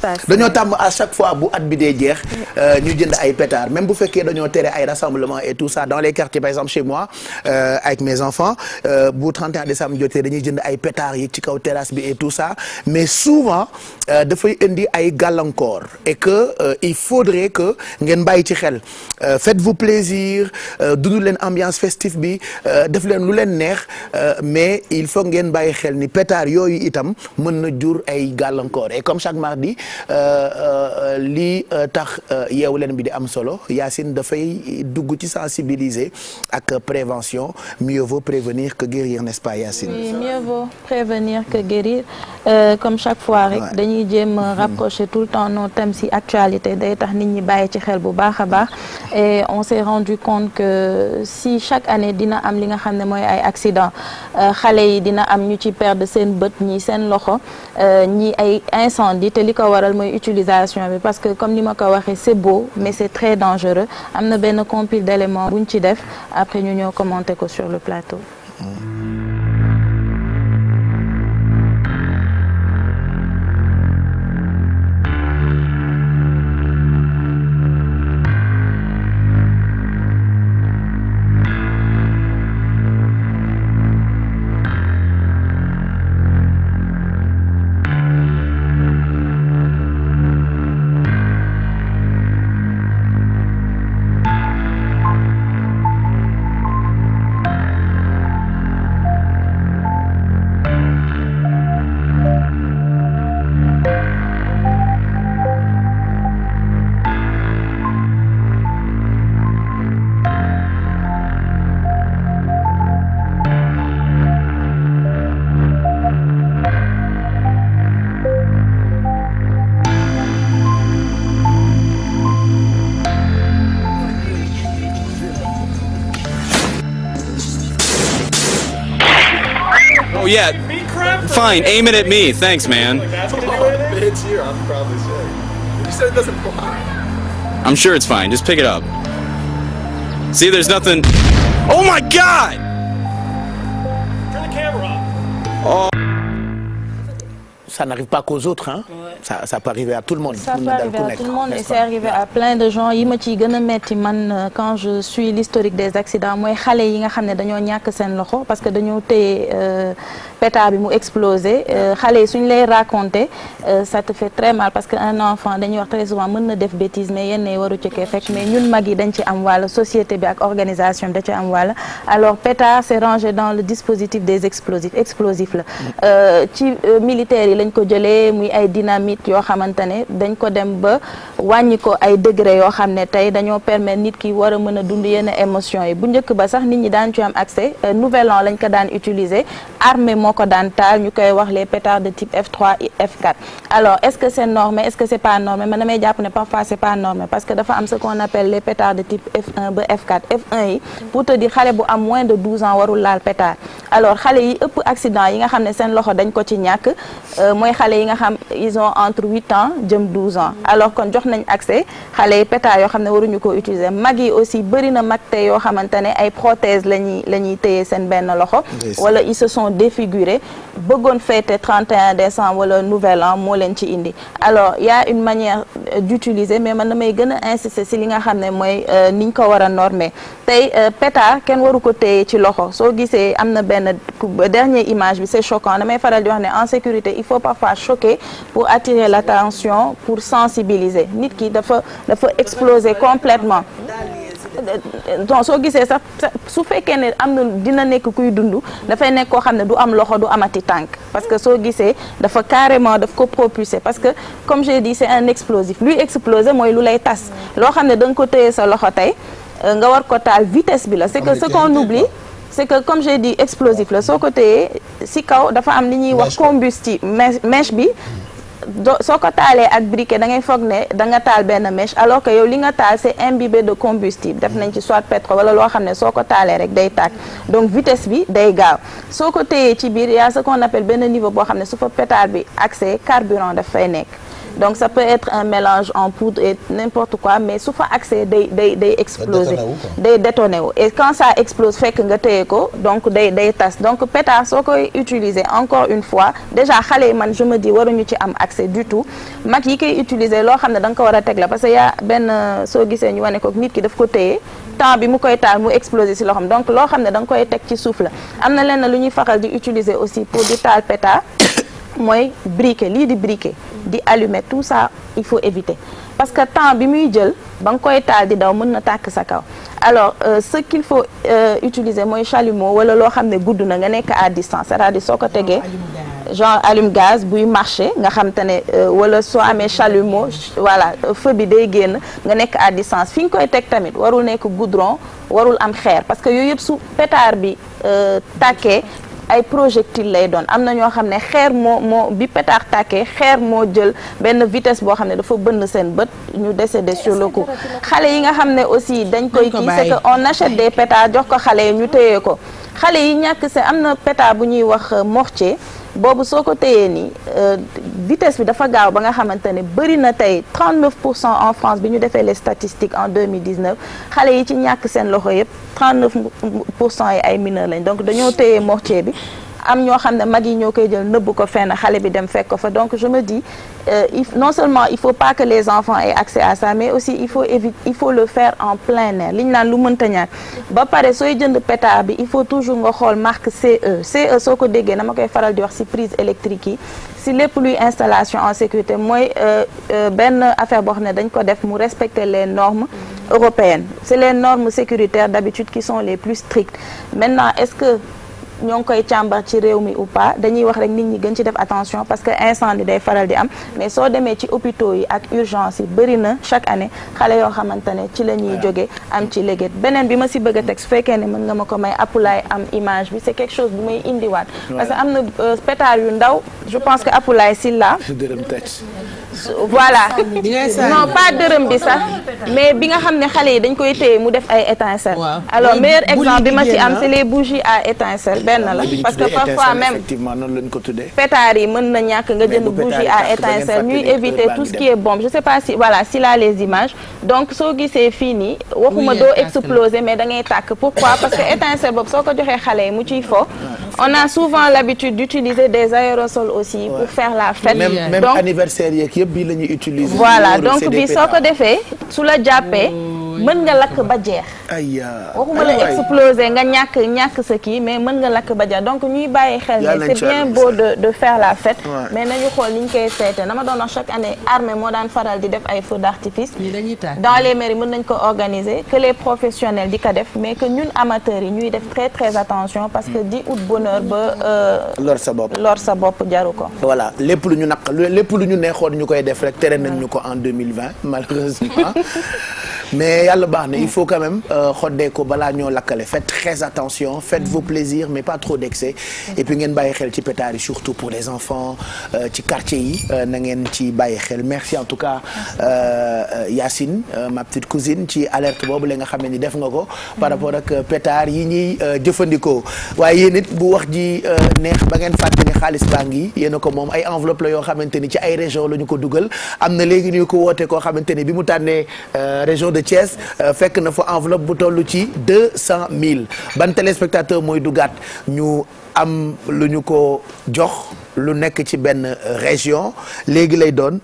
dañoo tàmm à chaque fois bu at bi dee jeex euh, ñu jënd ay pétard même bu fekkee dañoo tere ay rassemblement et tout ça dans les quartiers par exemple chez moi euh, avec mes enfants euh, bu 31 décembre jotee dañuy jënd ay pétard yi ci kaw terrasse bi et tout ça mais souvent euh, dafay indi ay gàllankoor et que il faudrait que ngeen bàyyi ci xel faites-vous plaisir dundu leen ambiance festive bi def leen lu leen neex mais il faut ngeen bàyyi xel ni petaar yooyu itam mën na jur ay gàllankoor et comme chaque mardi Euh, euh, lii euh, tax yeewu leen bi di am solo Yacine dafay dugg ci sensibiliser ak prévention mieux vaut prévenir que guérir n'est-ce pas Yacine. oui mieux vaut prévenir que guérir euh, comme chaque fois rek. dañuy jéem a mhm. tout le temps nos thèmes ci actualité day tax nit ñi bàyyi ci xel bu baax a baax et on s'est rendu compte que si chaque année dina am li nga xam ne mooy ay accident xale yi dina am ñu ci perdre seen bët ñi seen loxo ñi ay incendie te li ko waral mooy utilisation bi parce que comme ni ma ko waxee c'est beau mais c'est très dangereux am na benn compil d'éléments bu ñu ci def après ñu ñëw commenter ko sur le plateau. Mm. yeah. Fine, aim it at me. Thanks, man. It's here. I'm probably sick. You said it doesn't fly. I'm sure it's fine. Just pick it up. See, there's nothing. Oh my God! Turn the camera off. Oh. ça n'arrive pas qu'aux autres hein. Ouais. ça ça peut arriver à tout le monde. ça peut arriver à tout le monde et c'est arrivé à plein de gens yi ma ciy gën a metti man euh, quand je suis l'historique des accidents mooy xale yi nga xam ne dañoo ñàkk seen loxo parce que dañoo téye pétard euh, bi mu explosé euh, xale yi suñ lay raconter ça te fait très mal parce que un enfant dañuy wax très souvent mën na def bêtise mais yenn yi waru ci kee fekk mais ñun mag yi dañ ci am wàll société bi ak organisation bi da ci am wàll alors pétard c'est rangé dans le dispositif des explosifs explosifs la mm. ci militaires yi dañ ko jëlee muy ay dynamite yoo xamante ne dañ ko dem ba wàññi ko ay degré yoo xam ne tey dañoo permettre nit ki war a mën a dund yenn émotion yi bu njëkk ba sax nit ñi daan ci am accès euh, nouvel an lañ ko daan utiliser armée moo ko daan taal ñu koy wax les pétards de type F3 F4 alors est-ce que c'est normé est-ce que c'est pas normé man damay jàpp parce que dafa am ce qu'on appelle les pétards de type F1 ba F4 f yi pour te dire xale bu am moins de 12 ans warul laal pétard alors xale yi ëpp accident yi nga xam ne seen loxo dañ ko ci ñàkk euh, Euh, mooy xale yi nga xam ils ont entre huit ans jëm douze ans alors kon jox nañ accès xale yi péta yoo xam ne waruñu ko utiliser mag yi aussi bëri na mag te yoo xamante ne ay prothèse la ñuy la ñuy téye seen benn loxo wala ils se sont défigurés bëggoon fête 31 décembre wala nouvel an moo leen ci indi alors ya a une manière euh, d'utiliser mais man damay gën a insister si li nga xam ne mooy euh, niñ ko war a normer tey péta kenn waru ko teye ci loxo soo gisee am na benn dernière image bi c'est faut parfois choquer pour la l'attention pour sensibiliser nit ki dafa dafa exploser complètement donc soo gisee sa su fekkee ne am na dina nekk kuy dund dafay nekk koo xam ne du am loxo du amati tànk parce que soo gisee dafa carrément daf ko propulser parce que comme j'ai dit c'est un explosif luy exploser mooy lu lay tas loo xam ne da nga ko téye sa loxo tey euh, nga war ko taal vitesse bi la c'est que ce qu'on oublie c'est que comme j'ai dit explosif la soo ko téyee si kaw dafa am li ñuy wax combustible mèche bi do soo ko taalee ak briquet da ngay foog ne da nga taal benn mèche alors que yow li nga taal c'est imbibé de combustible def nañ ci soit pétrole wala loo xam ne soo ko taalee rek day tàkk donc vitesse bi day gaaw soo ko téyee ci biir y a ce qu'on appelle benn niveau boo xam ne su fa pétard bi accès carburant daf fay nekk donc ça peut être un mélange en pour et n'importe quoi mais su fa accès day day day exploser day détoné wu et quand ça explose fekk nga téye ko donc day day tas donc pétard soo koy utiliser encore une fois déjà xale yi man je me dis waruñu ci am accès du tout mag yi koy utiliser loo xam ne da nga ko war a teg la parce que benn euh, soo gisee ñu wane ko nit ki daf ko téye temps bi mu koy taal mu exploser si loxoom donc loo xam ne da nga koy teg ci suuf la am na lenn lu ñuy faral di utiliser aussi pour di taal mooy briquet lii di briquet di allumer tout ça il faut éviter parce que temps bi muy jël ba nga koy taal di daw mën na tàkk sa kaw alors euh, ce qu'il faut euh, utiliser mooy chalumeau wala loo xam ne gudd na nga nekk à distance c'est-à-dire soo ko tegee genre allume gaz buy marché nga xam te ne euh, wala soo amee chalumeau voilà feu bi day génn nga nekk à distance fi nga koy teg tamit warul nekk goudron warul am xeer parce que yooyu yëpp su pétard bi euh, tàkkee ay projectile lay doon am na ñoo xam ne xeer moo moo bi pétard tàkkee xeer moo jël benn vitesse boo xam ne dafa bënn seen bët ñu décédé sur le ko xale yi nga xam ne aussi dañ koy kii c'est que on achète des pétards jox ko xale yi ñu téyee ko xale yi ñàkk se am na pétard bu ñuy wax mortier boobu soo ko téyee nii euh, vitesse bi dafa gaaw ba nga xamante ne bëri na tey 39 pour cent en France bi ñu defee les statistiques en 2019 xale yi ci ñàkk seen loxo yëpp 39 pour cent yi ay mineurs lañ donc dañoo téye mortier bi am ñoo xam ne mag yi ñoo koy jël nëbb ko fenn xale bi dem fekk ko fa donc je me euh, non seulement il faut pas que les enfants aient accès à ça mais aussi il faut éviter il faut le faire en plein air li ñu naan lu mënta ñaar ba pare sooy jënd pétard bi il faut toujours nga xool marque CE CE soo ko déggee na ma koy faral di wax si prise électrique yi si lépp luy installation en sécurité mooy euh, euh, benn affaire boo xam ne dañ ko def mu respecter les normes européennes c'est les normes sécuritaires d'habitude qui sont les plus strictes maintenant ñoo ngi koy càmbar ci réew mi ou pas dañuy wax rek nit ñi gën ci def attention parce que incendie day faral di am mais soo demee ci hôpitaux yi ak urgence yi bëri na chaque année xale yoo xamante ne ci la ñuy jóge am ci léget beneen bi ma si bëgg a teg su fekkee ne mën nga ma ko may apulaay am image bi c'est quelque chose bu may indiwaat parce que am na euh, pétard yu ndaw je pense que apulaay si la voilà non pas dërëm bi sax mais bi nga xam ne xale yi dañ koy téye mu def ay étincelle alors meilleur exemple bi ma ci am c'est les bougies à étincelle benn la parce que parfois même pétard yi mën na ñàkk nga jënd bougie à étincelle ñuy éviter tout ce qui est bombe je sais pas si voilà s'il a les images donc soo gisee fii nii waxuma doo exploser mais da ngay tàkk pourquoi parce que étincelle boobu soo ko joxee xale yi mu ciy fo on a souvent l'habitude d'utiliser des aérosols aussi pour faire la fête même anniversaire yeeg yëpp bii la ñuy utiliser voilà donc bi soo ko defee su la jàppee mm. mën nga lakk ba jeex. ay waxuma la exploser nga ñàkk ñàkk sa kii mais mën nga lakk ba jeex donc ñuy bàyyi xel ne c'est bien beau de de faire la fête. mais nañu xool ni ñu koy na dama doon wax chaque année armée moo daan faral di def ay feux d'artifice. dans les mairies mën nañ ko organiser que les professionnels di ko def mais que ñun amateurs yi ñuy def très très attention parce que di ut bonheur ba. Euh, lor sa bopp lor sa bopp jaru ko. voilà lépp lu ñu naq lépp lu ñu neexoon ñu koy def rek tere nañ ñu ko en 2020 malheureusement mais. yàlla baax na il mm. faut quand même euh, xoddee ko balaa ñoo lakkale faites très attention faites mm. vos plaisirs mais pas trop d'excès mm. et puis ngeen bàyyi xel ci pétard yi surtout pour les enfants euh, ci quartier yi euh, na ngeen ci bàyyi xel merci en tout cas Yacine ma petite cousine ci alerte boobu la nga xam ni def nga ko par rapport ak pétard yi ñuy jëfandikoo waaye yéen nit bu wax ji neex ba ngeen fàtte xaalis baa ngi yéen a ko moom ay enveloppe la yoo xamante ni ci ay région la ñu ko dugal am na léegi ñu ko woote koo xamante ni bi mu tànnee région de Thiès Euh, fekk na fa enveloppe bu toll ci deux cent mille ban téléspectateur mooy dugaat ñu am lu ñu ko jox lu nekk ci benn région léegi lay doon.